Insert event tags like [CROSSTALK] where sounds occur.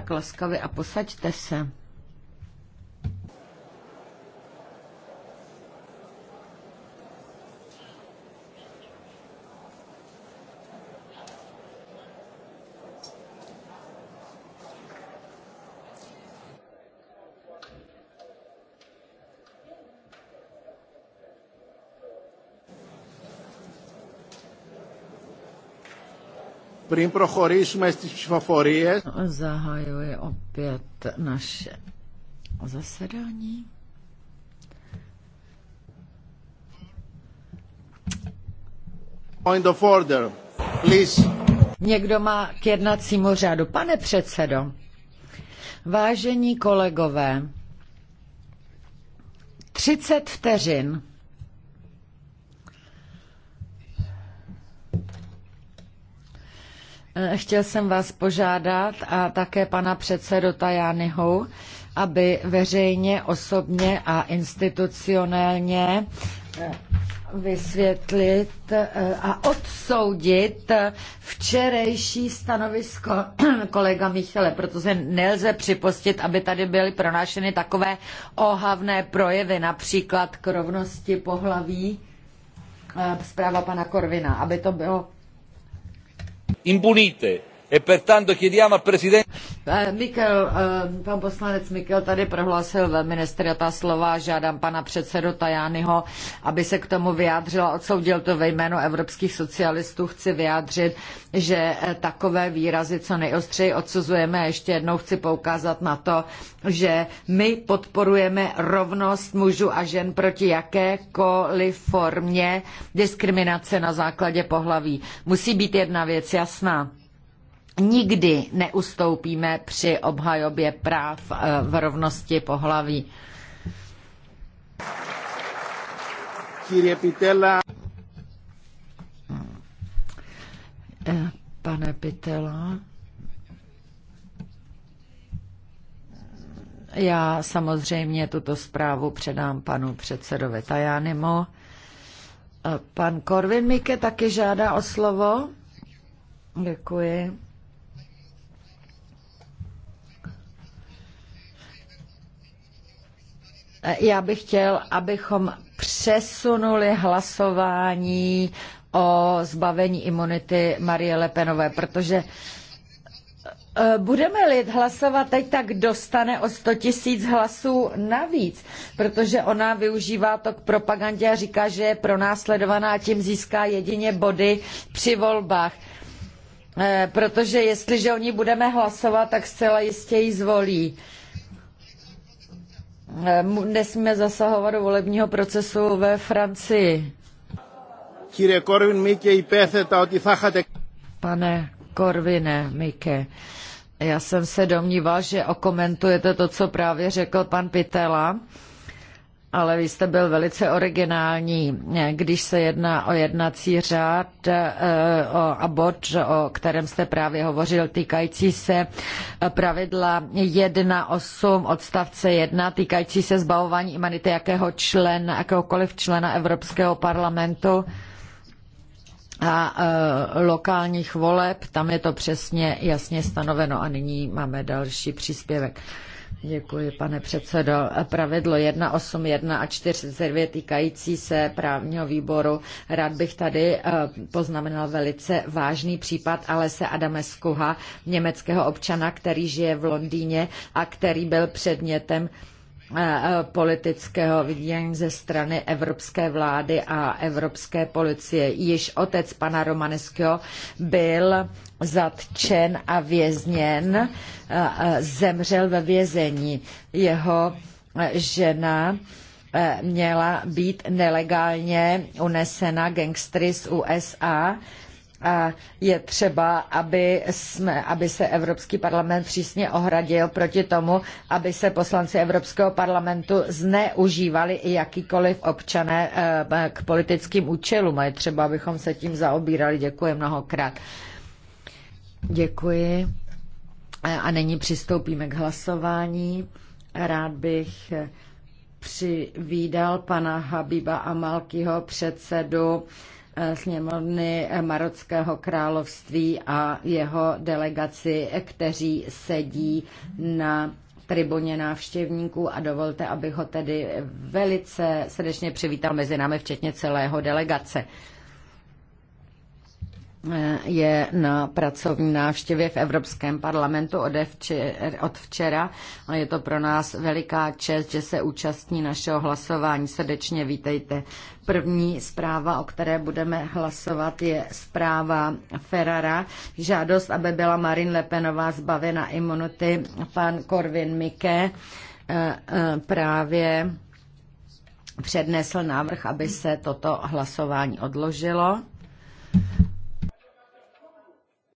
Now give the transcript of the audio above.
tak laskavě a posaďte se. Πριν προχωρήσουμε στις ψηφοφορίες... Zahajuje opět naše zasedání. Point of order, please. Někdo má k jednacímu řádu. Pane předsedo, vážení kolegové, 30 vteřin Eh, chtěl jsem vás požádat a také pana předsedu Tajányho, aby veřejně, osobně a institucionálně eh, vysvětlit eh, a odsoudit včerejší stanovisko [CLEARS THROAT] kolega Michele, protože nelze připustit, aby tady byly pronášeny takové ohavné projevy, například k rovnosti pohlaví, zpráva pana Korvina, aby to bylo impunite E pertanto chiediamo al presidente... Eh, Mikel, eh, pan poslanec Mikel tady prohlásil velmi nestriatá slova, žádám pana předsedu Tajányho, aby se k tomu vyjádřil a odsoudil to ve jménu evropských socialistů. Chci vyjádřit, že eh, takové výrazy co nejostřeji odsuzujeme a ještě jednou chci poukázat na to, že my podporujeme rovnost mužů a žen proti jakékoliv formě diskriminace na základě pohlaví. Musí být jedna věc jasná nikdy neustoupíme při obhajobě práv eh, v rovnosti pohlaví. Eh, pane Pitela, já samozřejmě tuto zprávu předám panu předsedovi Tajánimu. Eh, pan Korvin Mike taky žádá o slovo. Děkuji. Já bych chtěl, abychom přesunuli hlasování o zbavení imunity Marie Lepenové, protože eh, Budeme-li hlasovat teď, tak dostane o 100 tisíc hlasů navíc, protože ona využívá to k propagandě a říká, že je pronásledovaná a tím získá jedině body při volbách. Eh, protože jestliže o ní budeme hlasovat, tak zcela jistě ji zvolí. Nesmíme zasahovat do volebního procesu ve Francii. Pane Korvine, Mike, já jsem se domníval, že okomentujete to, co právě řekl pan Pitela ale vy jste byl velice originální, když se jedná o jednací řád eh, a bod, o kterém jste právě hovořil, týkající se pravidla 1.8 odstavce 1, týkající se zbavování imunity jakého člena, jakéhokoliv člena Evropského parlamentu a eh, lokálních voleb. Tam je to přesně jasně stanoveno a nyní máme další příspěvek. Děkuji, pane předsedo. Pravidlo 181 a 49 týkající se právního výboru. Rád bych tady eh, poznamenal velice vážný případ Alese Adameskuha, německého občana, který žije v Londýně a který byl předmětem Eh, politického vidění ze strany evropské vlády a evropské policie. Již otec pana Romaneského byl zatčen a vězněn, eh, eh, zemřel ve vězení. Jeho žena měla být nelegálně unesena gangstry z USA je třeba, aby, jsme, aby se Evropský parlament přísně ohradil proti tomu, aby se poslanci Evropského parlamentu zneužívali i jakýkoliv občané eh, k politickým účelům. A je třeba, abychom se tím zaobírali. Děkuji mnohokrát. Děkuji. Eh, a nyní přistoupíme k hlasování. Rád bych eh, přivídal pana Habiba Amalkyho, předsedu sněmovny Marockého království a jeho delegaci, kteří sedí na tribuně návštěvníků a dovolte, abych ho tedy velice srdečně přivítal mezi námi, včetně celého delegace je na pracovní návštěvě v Evropském parlamentu od včera, a je to pro nás veliká čest, že se účastní našeho hlasování. Srdečně vítejte. První zpráva, o které budeme hlasovat, je zpráva Ferrara. Žádost, aby byla Marin Lepenová zbavena imunity, pan Korvin Mike eh, eh, právě přednesl návrh, aby se toto hlasování odložilo.